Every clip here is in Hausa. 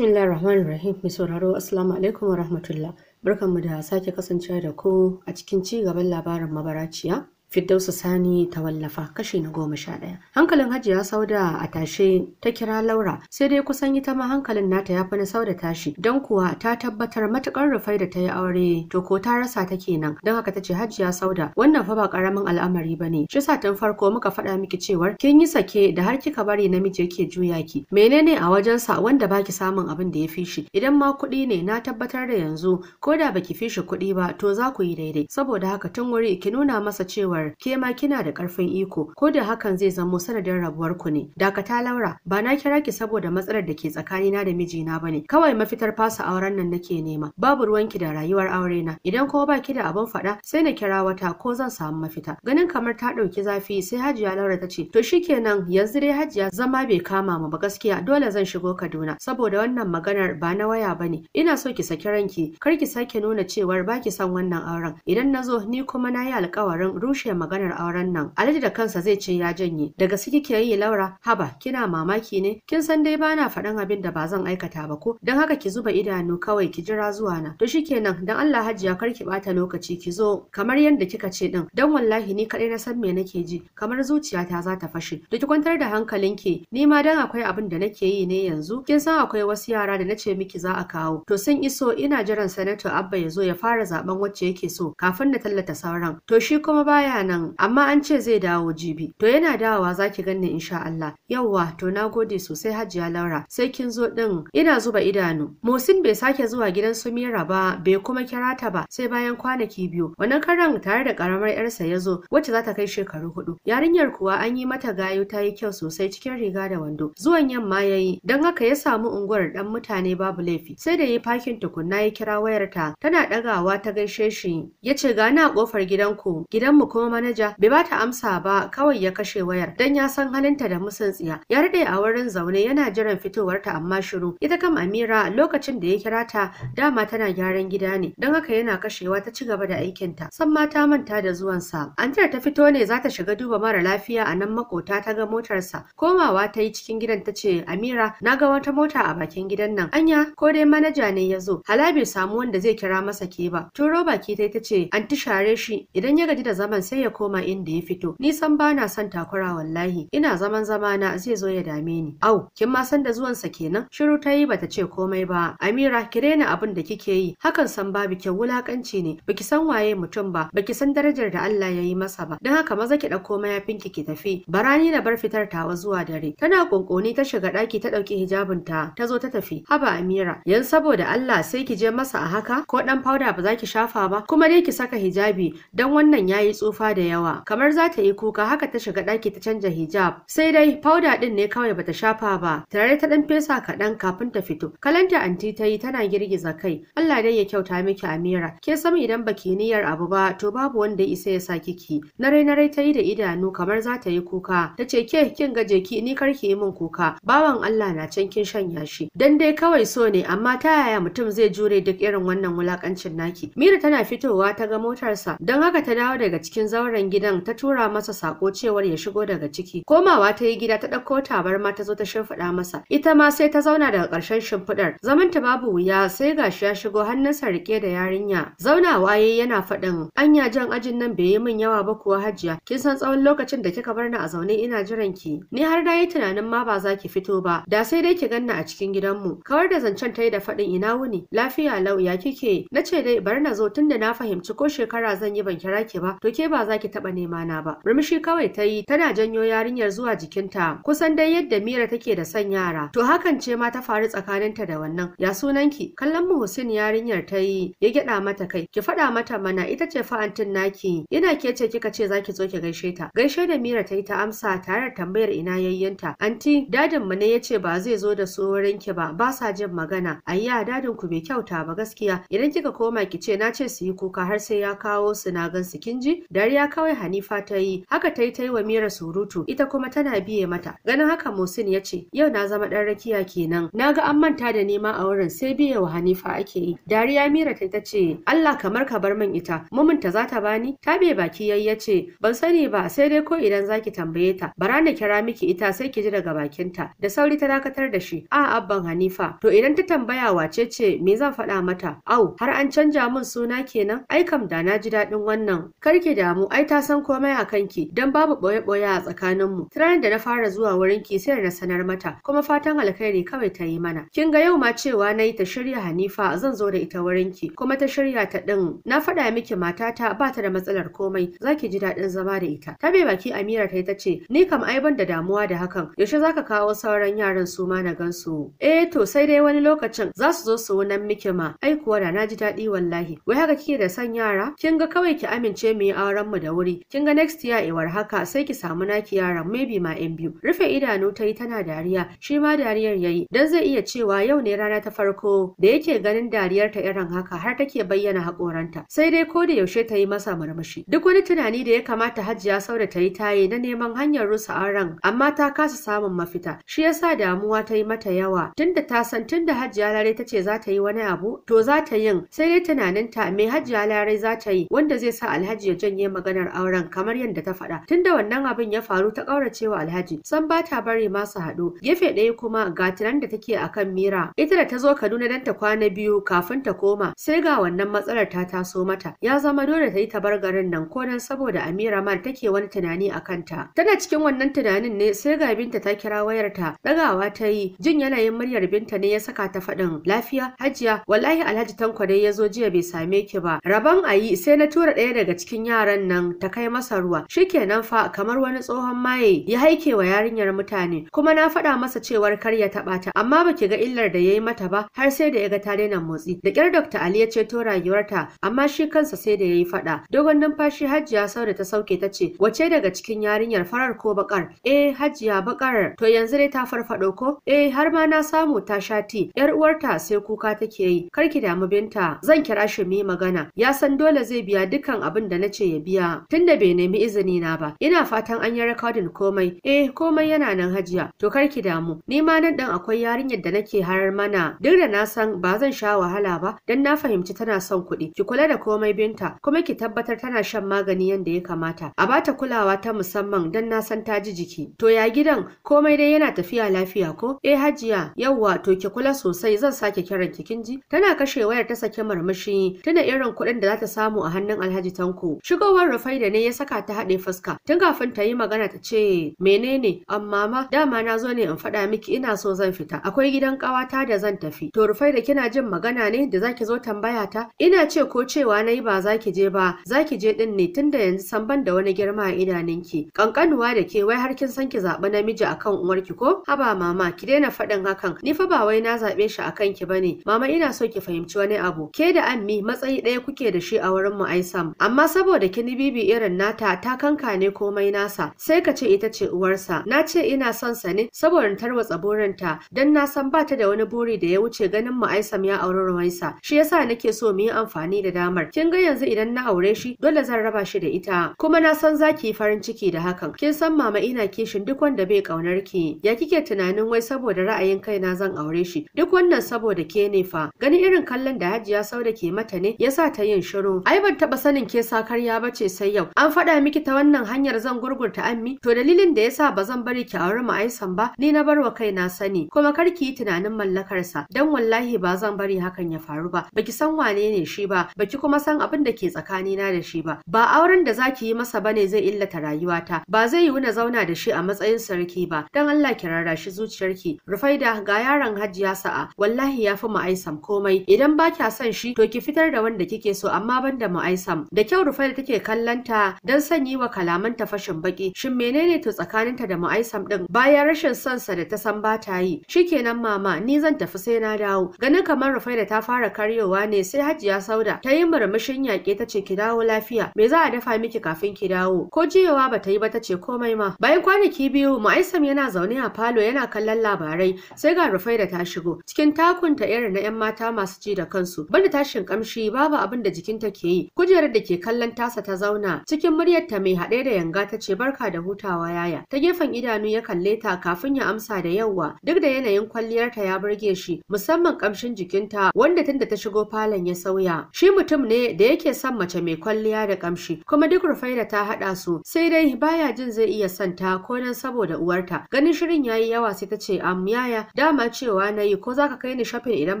Bismillah Rahman Rahim mai sauraro Assalamu alaikum wa rahmatullah. Barkanmu da sake kasancewa da ku a cikin ci gaban labarin mabaraciya Firdausu Sani ta wallafa kashi na goma sha ɗaya. Hankalin Hajiya Sauda a tashe ta kira Laura sai dai kusan ita ma hankalin nata ya fi na Sauda tashi don kuwa ta tabbatar matukar rufai da ta yi aure to ko ta rasa ta kenan don haka ta ce Hajiya Sauda wannan fa ba karamin al'amari ba ne. Shi tun farko muka faɗa miki cewar kin yi sake da har kika bari namiji yake juya ki menene a wajensa wanda baki samun abin da ya fi shi idan ma kuɗi ne na tabbatar da yanzu ko da baki fi shi kuɗi ba to za ku yi daidai saboda haka tun wuri ki nuna masa cewar. kamar ke ma kina da karfin iko ko da hakan zai zamo sanadin rabuwar ku ne dakata Laura ba na kira ki saboda matsalar da ke tsakanina da mijina bane kawai mafitar fasa auren nan nake nema babu ruwan ki da rayuwar aure na idan ba ki da abin faɗa sai na kira wata ko zan samu mafita ganin kamar ta ɗauki zafi sai Hajiya Laura ta ce to shikenan yanzu dai Hajiya zama bai kama mu ba gaskiya dole zan shigo Kaduna saboda wannan maganar ba na waya bane ina so ki saki ranki kar ki sake nuna cewar baki son wannan auren idan nazo ni kuma na yi alƙawarin rushe kike maganar auren nan Alhaji da kansa zai ce ya janye daga gaske kike yi Laura haba kina mamaki ne kin san dai bana faɗan abin da ba zan aikata ba ko Don haka ki zuba idanu kawai ki jira zuwa na to shikenan dan Allah hajiya kar ki bata lokaci ki zo kamar yadda kika ce din dan wallahi ni kadai na san me nake ji kamar zuciyata za ta fashe to ki kwantar da hankalinki ni ma dan akwai abin da nake yi ne yanzu kin san akwai wasu yara da nace miki za a kawo to sun iso ina jiran sanato abba ya zo ya fara zaben wacce yake so kafin na tallata sauran to shi kuma baya nan amma an ce zai dawo jibi to yana dawowa zaki ganni insha Allah yawwa to nagode sosai Hajiya Laura sai kin zo din ina zuba idanu Musin bai sake zuwa gidan sumira ba bai kuma kira ta ba sai bayan kwanaki biyu wannan karan tare da karamar yarsa ya zo wacce za ta kai shekaru hudu yarinyar kuwa an yi mata gayu ta yi kyau sosai cikin riga da wando zuwan yamma yayi dan don haka ya samu unguwar dan mutane babu laifi sai da yi fakin tukunna ya kira wayarta tana ɗagawa ta gaishe shi Yace, gani a ƙofar gidan gidanmu kuma manaja bai bata amsa ba kawai ya kashe wayar dan ya san halinta da musun tsiya ya rade a wurin zaune yana jiran fitowar ta amma shiru ita kam Amira lokacin da ya kira ta dama tana gyaran gida ne don haka yana kashewa ta ci gaba da ta san mata manta da zuwan sa Antar ta fito ne za ta shiga duba mara lafiya a nan makota ta ga motarsa komawa ta yi cikin gidan ta ce Amira na ga wata mota a bakin gidan nan anya ko dai manaja ne ya zo hala bai samu wanda zai kira masa ke ba turo baki ta ce an ti share shi idan ya gaji da zaman sai sai ya koma inda ya fito ni san na son takura wallahi ina zaman na, zai zo ya dame ni au kin ma san da zuwansa kenan shiru ta yi bata ce komai ba amira ki daina abin da kike yi hakan san babu kyau wulakanci ne baki san waye mutum ba baki san darajar da Allah ya yi masa ba dan haka maza ki dauko mayafinki ki tafi barani na bar fitar tawa zuwa dare tana kunkuni ta shiga daki ta dauki hijabin ta ta zo ta tafi haba amira yan saboda Allah sai ki je masa a haka ko dan powder ba za ki shafa ba kuma dai ki saka hijabi dan wannan yayi tsufa da yawa kamar za ta yi kuka haka ta shiga ɗaki ta canja hijab sai dai fauda ɗin ne kawai bata shafa ba tare ta ɗan fesa kaɗan kafin ta fito kalanta anti ta yi tana girgiza kai Allah dai ya kyauta miki Amira ke sama idan baki niyyar abu ba to babu wanda isa ya sa kiki nare nare ta yi da idanu kamar za ta yi kuka ta ce ke kin gaje ki ni karki yi min kuka bawan Allah na can kin shanya shi dan dai kawai so ne amma ta yaya mutum zai jure duk irin wannan wulakancin naki Mira tana fitowa ta ga motarsa don haka ta dawo daga cikin zauren gidan ta tura masa sako cewar ya shigo daga ciki. Komawa ta yi gida ta ɗauko tabarma ta zo ta shimfiɗa masa. Ita ma sai ta zauna daga ƙarshen shimfiɗar. ta babu wuya sai gashi ya shigo hannunsa riƙe da yarinya. Zauna waye yana faɗin anya jan ajin nan bai yi min yawa ba kuwa hajiya. Kin san tsawon lokacin da kika bar ni a zaune ina jiran ki. Ni har na yi tunanin ma ba za ki fito ba. Da sai dai ki ganna a cikin gidanmu. Kawar da zancen ta da faɗin ina wuni. Lafiya lau ya kike. Na ce dai bar na zo tunda na fahimci ko shekara zan yi ban kira ki ba. To ke ba ba za ki taɓa nema na ba. Murmushi kawai ta yi tana janyo yarinyar zuwa jikinta kusan dai yadda Mira take da son yara. To hakan ce ma ta faru tsakaninta da wannan. Ya sunanki? Kallon mu Hussein yarinyar ta yi ya gyaɗa mata kai. Ki faɗa mata mana ita ce fa antin naki. Yana ke ce kika ce za ki zo ki gaishe ta. Gaishe da Mira ta yi ta amsa tare da tambayar ina yayyanta. Anti dadin mu ne ya ce ba zai zo da su wurin ki ba ba sa jin magana. Ayya dadin ku bai kyauta ba gaskiya. Idan kika koma ki ce na ce su yi kuka har sai ya kawo su na gan su kin ji. Dari! Dariya kawai Hanifa ta yi, haka ta yi ta yi wa Mira surutu, ita kuma tana biye mata. Ganin haka Musin ya ce, yau na zama ɗan rakiya kenan. Na ga an manta da nema a wurin sai biye wa Hanifa ake yi. Dariya Mira ta ce, Allah kamar ka bar min ita, muminta za ta bani? Ta bai baki yayi ya ce, ban sani ba sai dai ko idan zaki tambaye ta, bara na kira miki ita sai ki ji daga bakinta. Da sauri ta dakatar da shi, a abban Hanifa, to idan ta tambaya wace ce me zan faɗa mata? Au, har an canja min suna kenan? Ai kam da na ji daɗin wannan. Karki damu damu ai ta san komai a kanki dan babu boye-boye a tsakaninmu. Tiranin da na fara zuwa wurin ki sai na sanar mata kuma fatan alkhairi kawai ta yi mana. Kin ga yau ma cewa na yi ta shirya Hanifa zan zo da ita wurin ki kuma ta shirya ta din. Na faɗa miki matata ba ta da matsalar komai za ki ji daɗin zama da ita. Ta bai baki Amira ta ta ce ni kam ai ban da damuwa da hakan yaushe za ka kawo sauran yaran su ma na gan su. Eh to sai dai wani lokacin za su zo su wunan miki ma ai kuwa da na ji daɗi wallahi. Wai haka kike da son yara? Kin ga kawai ki amince mu yi auren mu da wuri kin ga next year iwar haka sai ki samu naki yaran maybe ma yan biyu rufe idanu ta yi tana dariya shi ma dariyar yayi dan zai iya cewa yau ne rana ta farko da yake ganin dariyar ta irin haka har take bayyana hakoranta sai dai ko da yaushe ta yi masa murmushi duk wani tunani da ya kamata Hajiya saura ta yi taye na neman hanyar rusa aran amma ta kasa samun mafita shi yasa damuwa ta yi mata yawa tunda ta san tunda Hajiya Lare ta ce za ta yi wani abu to za ta yin sai dai tunaninta me Hajiya Lare za ta yi wanda zai sa Alhaji ya janye ma maganar auren kamar yadda ta faɗa tunda wannan abin ya faru ta ƙauracewa Alhaji san ba ta bari ma su haɗu gefe ɗaya kuma ga tunan da take akan Mira ita da ta zo Kaduna don ta kwana biyu kafin ta koma sai ga wannan matsalar ta taso mata ya zama dole ta yi ta bar garin nan ko dan saboda Amira man take wani tunani a kanta tana cikin wannan tunanin ne sai ga binta ta kira wayarta dagawa ta yi jin yanayin muryar binta ne ya saka ta faɗin lafiya hajiya wallahi Alhaji Tanko dai ya zo jiya bai same ki ba rabon ayi sai na tura ɗaya daga cikin yaran nan ta kai masa ruwa shikenan fa kamar wani tsohon maye ya haike wa yarinyar mutane kuma na faɗa masa cewar kar ya taɓa ta amma baki ga illar da ya yi mata ba har sai da ya ga ta daina motsi da kyar Dr. Ali ya ceto rayuwarta amma shi kansa sai da ya yi faɗa dogon numfashi Hajiya da ta sauke ta ce wace daga cikin yarinyar farar ko bakar eh Hajiya bakar to yanzu dai ta farfaɗo ko eh har ma na samu ta sha ti yar uwarta sai kuka take yi kar ki damu binta zan kira shi mu magana ya san dole zai biya dukkan abin da nace ya biya hajiya tunda bai nemi izini na ba ina fatan an yi rikodin komai eh komai yana nan hajiya to kar ki damu ni ma nan dan akwai yarinyar da nake harar mana duk da na san ba zan sha wahala ba dan na fahimci tana son kuɗi ki kula da komai binta kuma ki tabbatar tana shan magani yadda ya kamata a bata kulawa ta musamman dan na san ta ji jiki to ya gidan komai dai yana tafiya lafiya ko eh hajiya yawwa to ki kula sosai zan sake kiran ki kin ji tana kashe wayar ta sake marmashi tana irin kuɗin da za ta samu a hannun Alhaji Tanko shigowar rufai da ne ya saka ta haɗe fuska tun kafin ta yi magana ta ce menene amma ma dama na zo ne in faɗa miki ina so zan fita akwai gidan ƙawata da zan tafi to rufai da kina jin magana ne da zaki zo tambaya ta ina ce ko cewa na yi ba zaki je ba zaki je ɗin ne tun da yanzu san ban da wani girma a idanunki kankanuwa da ke wai har kin san ki zaɓi namiji akan uwarki ko haba mama ki daina faɗin hakan ni fa ba wai na zaɓe shi akan ki bane mama ina so ki fahimci wani abu ke da ammi matsayi ɗaya kuke da shi a wurin mu aisam amma saboda kin bibi irin nata ta kanka ne komai nasa sai ka ce ita ce uwarsa na ce ina son sa ne saboda tarwatsa tsaborinta, dan na san ba ta da wani buri da ya wuce ganin mu Aisam ya aure rawaisa, shi yasa nake so mu yi amfani da damar kin ga yanzu idan na aure shi dole zan raba shi da ita kuma na san za ki farin ciki da hakan kin san mama ina kishin duk wanda bai kaunar ki ya kike tunanin wai saboda ra'ayin kaina zan aure shi duk wannan saboda ke ne fa gani irin kallon da Hajiya Sauda ke mata ne yasa ta yin shiru ai ban taba sanin ke sakarya bace ce sai yau an faɗa miki ta wannan hanyar zan gurgurta ammi to dalilin da yasa ba zan bari ki auri ma'aisan ba ni na barwa na sani kuma kar ki yi tunanin mallakarsa dan wallahi ba zan bari hakan ya faru ba baki san wane ne shi ba baki kuma san abin da ke tsakanina da shi ba ba auren da zaki yi masa bane zai illata rayuwata ba zai yiwu na zauna da shi a matsayin sarki ba dan Allah ki rarrashi zuciyarki rufaida ga yaron hajjiya sa'a wallahi ya yafi ma'aisam komai idan ba kya son shi to ki fitar da wanda kike so amma ban da ma'aisam da kyau rufaida take kallanta don son yi wa kalamanta fashin baki shin menene to tsakaninta da mu'aisam din bayan rashin son sa da ta san ba ta yi shikenan mama ni zan tafi sai na dawo ganin kamar rufaida ta fara karyowa ne sai hajiya sauda ta yi murmushin yaƙe ta ce ki dawo lafiya me za a dafa miki kafin ki dawo ko jiyawa ba ta yi ba ta ce komai ma bayan kwanaki biyu mu'aisam yana zaune a falo yana kallon labarai sai ga rufaida ta shigo cikin takunta irin na 'yan mata masu ji da kansu banda tashin kamshi babu abin da jikinta ke yi kujerar da ke kallon tasa ta zauna cikin muryar ta mai haɗe da yanga ta ce barka da hutawa yaya ta gefen idanu ya kalle ta kafin ya amsa da yawwa duk da yanayin kwalliyar ta ya burge shi musamman kamshin jikinta wanda tunda ta shigo falon ya sauya shi mutum ne da yake son mace mai kwalliya da kamshi kuma duk rufaida ta haɗa su sai dai baya jin zai iya son ta ko nan saboda uwarta ganin shirin yayi yawa sai ta ce am yaya dama cewa nayi ko zaka kai ni shopping idan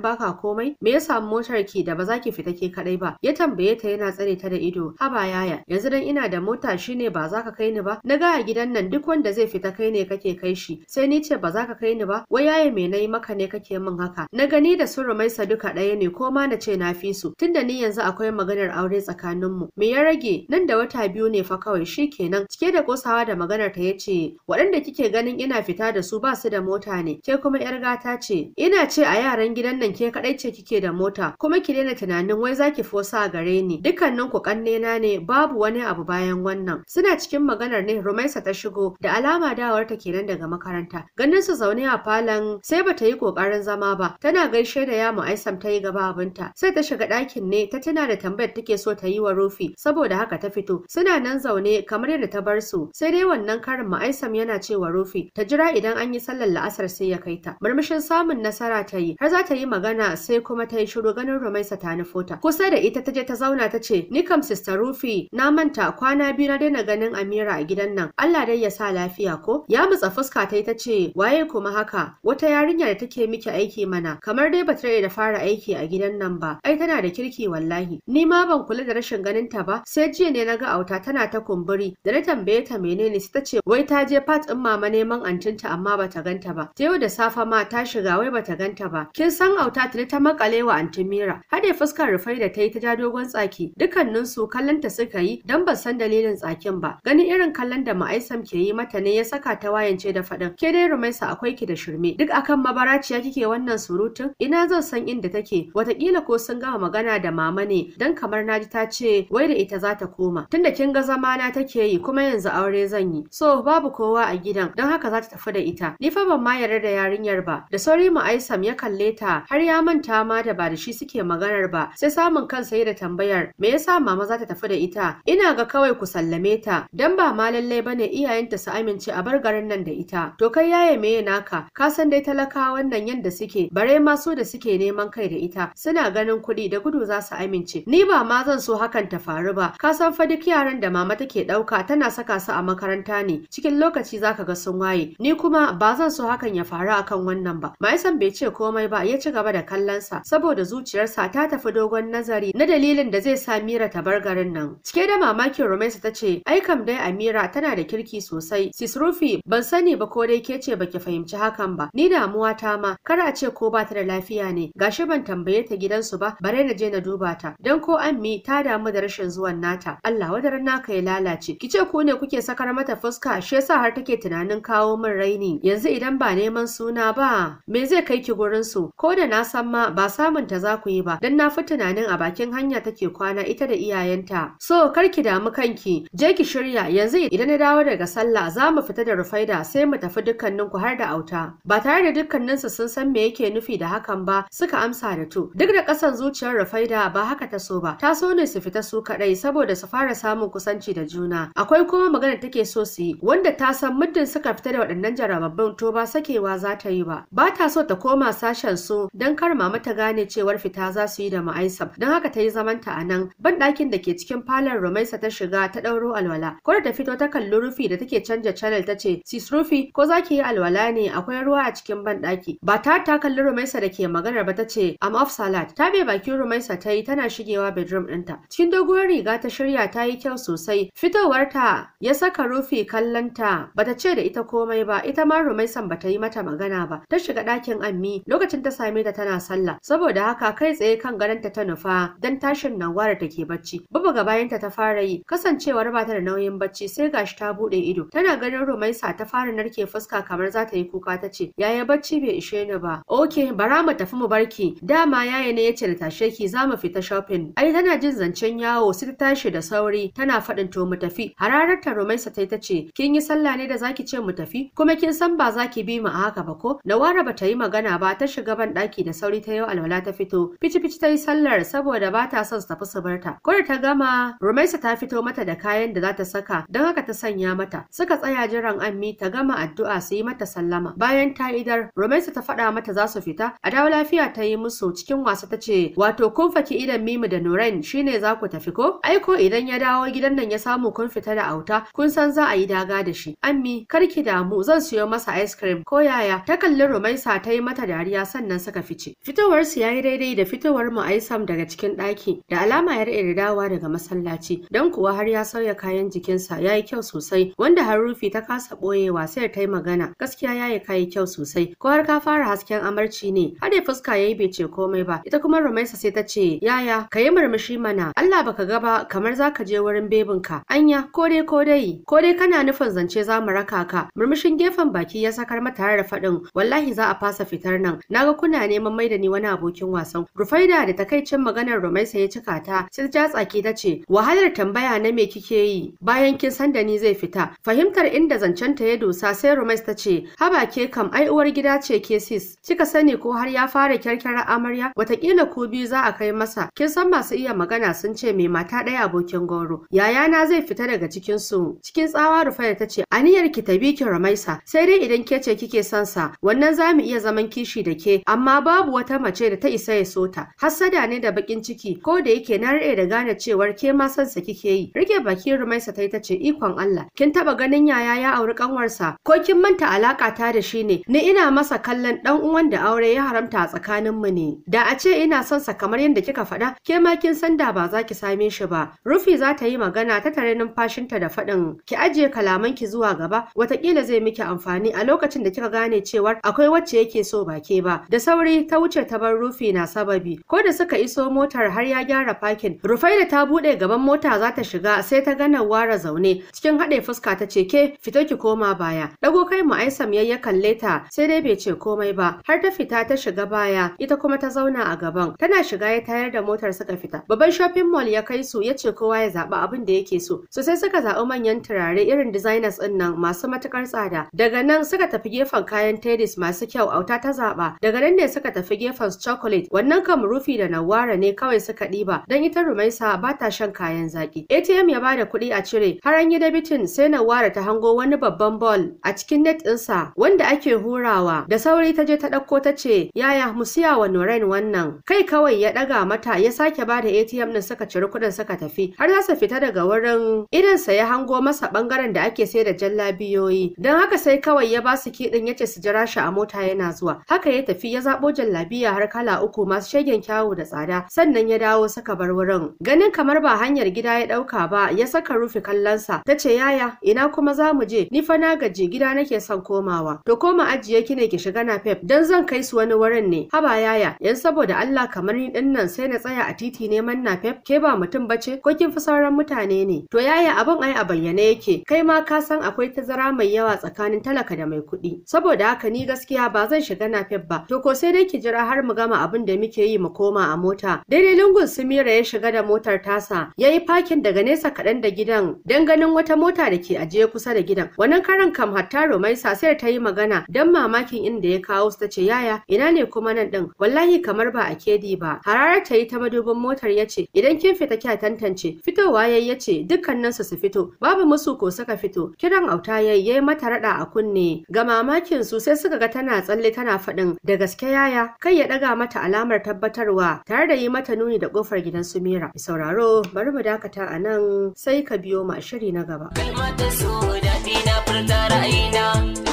baka komai me ya samu motar ki da ba za ki fita ke kadai ba ya tambaye ta yana tsare ta da ido haba yaya haya yanzu dan ina da mota shine ba za ka kai ni ba na ga gidan nan duk wanda zai fita kai ne kake kai shi sai ni ce ba za ka kai ni ba wai yaye me nayi maka ne kake min haka na gani da su sa duka ɗaya ne ko ma na ce na fi su tunda ni yanzu akwai maganar aure tsakanin mu me ya rage nan da wata biyu ne fa kawai shi kenan cike da kosawa da maganar ta yace waɗanda kike ganin ina fita da su ba su da mota ne ke kuma yar gata ce ina ce a yaran gidan nan ke kaɗai ce kike da mota kuma ki daina tunanin wai zaki fosa gare ni dukkanin ku kanne ne ba babu wani abu bayan wannan suna cikin maganar ne rumaisa ta shigo da alama dawar ta kenan daga makaranta ganin su zaune a falon sai bata yi kokarin zama ba tana gaishe da yamu aisam ta yi gaba abinta sai ta shiga ɗakin ne ta tana da tambayar take so ta yi wa rufi saboda haka ta fito suna nan zaune kamar yadda ta bar su sai dai wannan karin ma'aisam yana cewa rufi ta jira idan an yi sallar la'asar sai ya kai ta murmushin samun nasara ta yi har za ta yi magana sai kuma ta yi shiru ganin rumaisa ta nufo kusa da ita ta je ta zauna ta ce ni kam sister rufi Na manta kwana biyu na daina ganin Amira a gidan nan. Allah dai ya sa lafiya ko? Ya mutsa fuska ta ta ce waye kuma haka wata yarinya da take miki aiki mana kamar dai bata da fara aiki a gidan nan ba. Ai tana da kirki wallahi. Ni ma ban kula da rashin ganin ta ba sai jiya ne na ga auta tana ta kumburi da na tambaye ta menene sai ta ce wai ta je fat din mama neman antinta amma ba ta ganta ba. Ta yau da safa ma ta shiga wai ba ta ganta ba. Kin san auta ta ta makale wa antin Mira. Hade fuskar rufai da ta yi ta ja dogon tsaki dukkaninsu kallon ta suka suka yi dan ban san dalilin tsakin ba Gani irin kallon da ma'aisam ke yi mata ne ya saka ta wayance da faɗin ke dai rumaisa akwai ki da shirme duk akan mabaraciya kike wannan surutun ina zan san inda take watakila ko sun gama magana da mama ne dan kamar naji ta ce wai da ita za ta koma tunda kin ga zamana take yi kuma yanzu aure zan yi so babu kowa a gidan don haka za ta tafi da ita ni fa ban ma yarda da yarinyar ba da sauri ma'aisam ya kalle ta har ya manta ma da ba da shi suke maganar ba sai samun kansa yi da tambayar me yasa mama za ta tafi da ita ta ina ga kawai ku sallame ta dan ba ma lallai bane iyayenta su amince a bar garin nan da ita to kai yaye me naka ka san dai talakawa wannan yanda suke bare ma so da suke neman kai da ita suna ganin kuɗi da gudu za su amince ni ba ma zan so hakan ta faru ba ka san fa duk yaran da mama take ɗauka tana saka su a makaranta ne cikin lokaci zaka ga sun waye ni kuma ba zan so hakan ya faru akan wannan ba maisan bai ce komai ba ya ci gaba da kallon sa. saboda zuciyarsa ta tafi dogon nazari na dalilin da zai sa mira ta bar garin nan Cike da mamakin Rumaisa ta ce, aikam dai Amira tana da kirki sosai. Sisrufi, ban sani ba ko dai ke ce baki fahimci hakan ba. Ni damuwa ta ma, kar a ce ko ba ta da lafiya ne. Gashi ban tambaye ta gidansu ba, bare na je na duba ta. Dan ko Ammi ta damu da rashin zuwan nata. Allah wadaran naka ya lalace. Ki ce ku ne kuke sakar mata fuska, shi sa har take tunanin kawo min raini. Yanzu idan ba neman suna ba, me zai kai ki gurin su? Ko da na san ma ba samun ta za ku yi ba, dan na fi tunanin a bakin hanya take kwana ita da iyayenta. So So kar ki damu kanki, je ki shirya yanzu idan na dawo daga sallah za mu fita da Rufaida sai mu tafi dukkanin ku har da auta. Ba tare da dukkaninsu sun san me yake nufi da hakan ba, suka amsa da to. Duk da kasan zuciyar Rufaida ba haka ta so ba, ta so ne su fita su kadai saboda su fara samun kusanci da juna. Akwai kuma magana take so su yi, wanda ta san muddin suka fita da waɗannan jarababbin to ba sakewa za ta yi ba. Ba ta so ta koma sashen su don kar mama ta gane cewar fita za su yi da ma'aisab. Don haka ta yi zamanta a nan, ban ɗakin da ke cikin falon falon Rumaisa ta shiga ta ɗauro alwala. Ko da ta fito ta kalli Rufi da take canja channel ta ce, "Sis Rufi, ko za ki yi alwala ne akwai ruwa a cikin banɗaki." Ba ta ta kalli Rumaisa da ke maganar ba ta ce, "I'm off salad." Ta bai bakin Rumaisa ta yi tana shigewa bedroom ɗinta. Cikin doguwar riga ta shirya ta yi kyau sosai. fitowar ta ya saka Rufi kallonta. ta ce da ita komai ba, ita ma Rumaisan ta yi mata magana ba. Ta shiga ɗakin Ammi lokacin ta same ta tana sallah. Saboda haka kai tsaye kan gadonta ta nufa don tashin Nawara take bacci. ga bayanta ta fara yi kasancewar ba ta da nauyin bacci sai gashi ta bude ido tana ganin Rumaisa ta fara narke fuska kamar za ta yi kuka ta ce yaya bacci bai ishe ni ba Ok, bara mu tafi mu barki dama yaya ne yace da tashe ki za mu fita shopping ai tana jin zancen yawo sai ta tashi da sauri tana faɗin to mu tafi hararar ta Rumaisa ta ce kin yi sallah ne da zaki ce mu tafi kuma kin san ba zaki bi mu a haka ba ko Nawara ta yi magana ba ta shiga ban daki da sauri ta yau alwala ta fito fici fici ta yi sallar saboda ba ta son su tafi barta ko ta gama Rumaisa ta fito mata da kayan da za ta saka don haka ta sanya mata. Suka tsaya jiran Ammi ta gama addu'a su yi mata sallama. Bayan ta idar, Rumaisa ta faɗa mata za su fita. A dawo lafiya ta yi musu cikin wasa ta ce, "Wato kun faki idan mimi da Noren shine za ku tafi ko?" ai ko idan ya dawo gidan nan ya samu kun fita da auta, kun san za a yi daga da shi. Ammi, kar ki damu, zan siyo masa ice cream ko yaya. Ta kalli Rumaisa ta yi mata dariya sannan suka fice. Fitowar su yayi daidai da fitowar mu Aisam daga cikin ɗaki, da alama yar dawa daga masallaci. ce don kuwa har ya sauya kayan jikinsa ya yi kyau sosai wanda har rufi ta kasa ɓoyewa sai ta yi magana gaskiya ya yi kayi kyau sosai ko har ka fara hasken amarci ne har ya fuska ya yi bai ce komai ba ita kuma rumaisa sai ta ce yaya ka yi murmushi mana Allah baka ga ba kamar za ka je wurin ka. anya ko dai ko dai ko dai kana nufin zance za mu raka ka murmushin gefen baki ya sakar mata tare da faɗin wallahi za a fasa fitar nan Na ga kuna neman maida ni wani abokin wasan rufaida da takaicin maganar rumaisa ya cika ta sai ta tsaki ta ce wa wahalar tambaya na me kike yi bayan kin san da ni zai fita fahimtar inda zancen ta ya dosa sai Rumaisa ta ce haba ke kam ai uwar gida ce ke sis kika sani ko har ya fara kyarkyarar amarya watakila ko biyu za a kai masa kin san masu iya magana sun ce mai mata ɗaya abokin goro Yaya na zai fita daga cikin su cikin tsawa Rufaya ta ce aniyar ki ta bi ki Rumaisa sai dai idan ke ce kike son sa wannan za mu iya zaman kishi da ke amma babu wata mace da ta isa ya sota hassada ne da bakin ciki ko da yake na rade da gane cewar ke ma son sa kike yi rike bakin rumaisa ta tace ikon Allah kin taba ganin yaya ya auri kanwarsa ko kin manta alaka ta da shi ne ni ina masa kallon dan uwan da aure ya haramta a tsakanin mu ne da a ce ina son sa kamar yadda kika faɗa ke ma kin san da ba za ki same shi ba rufi za ta yi magana ta tare numfashinta da faɗin ki ajiye kalaman ki zuwa gaba watakila zai miki amfani a lokacin da kika gane cewar akwai wacce yake so ba ke ba da sauri ta wuce ta bar rufi na sababi ko da suka iso motar har ya gyara fakin da ta buɗe gaban idan mota za ta shiga sai ta ga Nawara zaune cikin haɗe fuska ta ce ke fito ki koma baya. Dago kai mu Aisam ya kalle ta sai dai bai ce komai ba har ta fita ta shiga baya ita kuma ta zauna a gaban. Tana shiga ya tayar da motar suka fita. Babban shopping mall ya kai su ya ce kowa ya zaba abin da yake so. So sai suka zaɓi manyan turare irin designers ɗin nan masu matuƙar tsada. Daga nan suka tafi gefen kayan tennis masu kyau auta ta zaɓa. Daga nan ne suka tafi gefen chocolate wannan kam rufi da Nawara ne kawai suka ɗiba don ita Rumaisa ba ta shan kaya. kayan zaki. ATM ya bada kuɗi a cire. Har an yi dabitin sai na ware ta hango wani babban ball a cikin net ɗinsa wanda ake hurawa. Da sauri ta je ta ɗauko ta ce yaya mu siya wa Noren wannan. Kai kawai ya ɗaga mata ya sake bada ATM ɗin suka cire kuɗin suka tafi. Har za su fita daga wurin idansa ya hango masa ɓangaren da ake sai da jallabiyoyi. Don haka sai kawai ya ba su kiɗin ya ce su jira shi a mota yana zuwa. Haka ya tafi ya zaɓo jallabiya har kala uku masu shegen kyawu da tsada sannan ya dawo suka bar wurin. Ganin kamar ba hanya hanyar gida ya ɗauka ba ya saka rufe kallonsa ta ce yaya ina kuma za mu je ni fa na gaji gida nake son komawa to koma ajiye ki ne ki shiga na pep dan zan kai su wani wurin ne haba yaya yan saboda Allah kamar ni din nan sai na tsaya a titi neman na pep ke ba mutum bace ko kin fi sauran mutane ne to yaya abin ai a bayyane yake kai ma ka san akwai tazara mai yawa tsakanin talaka da mai kuɗi saboda haka ni gaskiya ba zan shiga na pep ba to ko sai dai ki jira har mu gama abin da muke yi mu koma a mota daidai lungun sumira ya shiga da motar tasa ya ya yi fakin daga nesa kaɗan da gidan don ganin wata mota da ke ajiye kusa da gidan. Wannan karin kam hatta Rumaisa sai ta yi magana don mamakin inda ya kawo su ta ce yaya ina ne kuma nan ɗin wallahi kamar ba a kedi ba. Hararar ta yi ta madubin motar ya ce idan kin fita kya tantance fitowa yayi ya ce dukkanin su su fito babu musu ko suka fito kiran auta yayi yayi mata raɗa a kunne ga mamakin su sai suka ga tana tsalle tana faɗin da gaske yaya kai ya ɗaga mata alamar tabbatarwa tare da yi mata nuni da ƙofar gidan su Mira. Sauraro bari mu dakata a nan sai ka biyo mu a shiri na gaba. Kalmar da so daɗi na furta ra'ayina,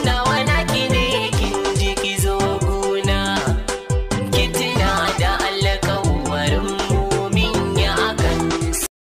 nawa na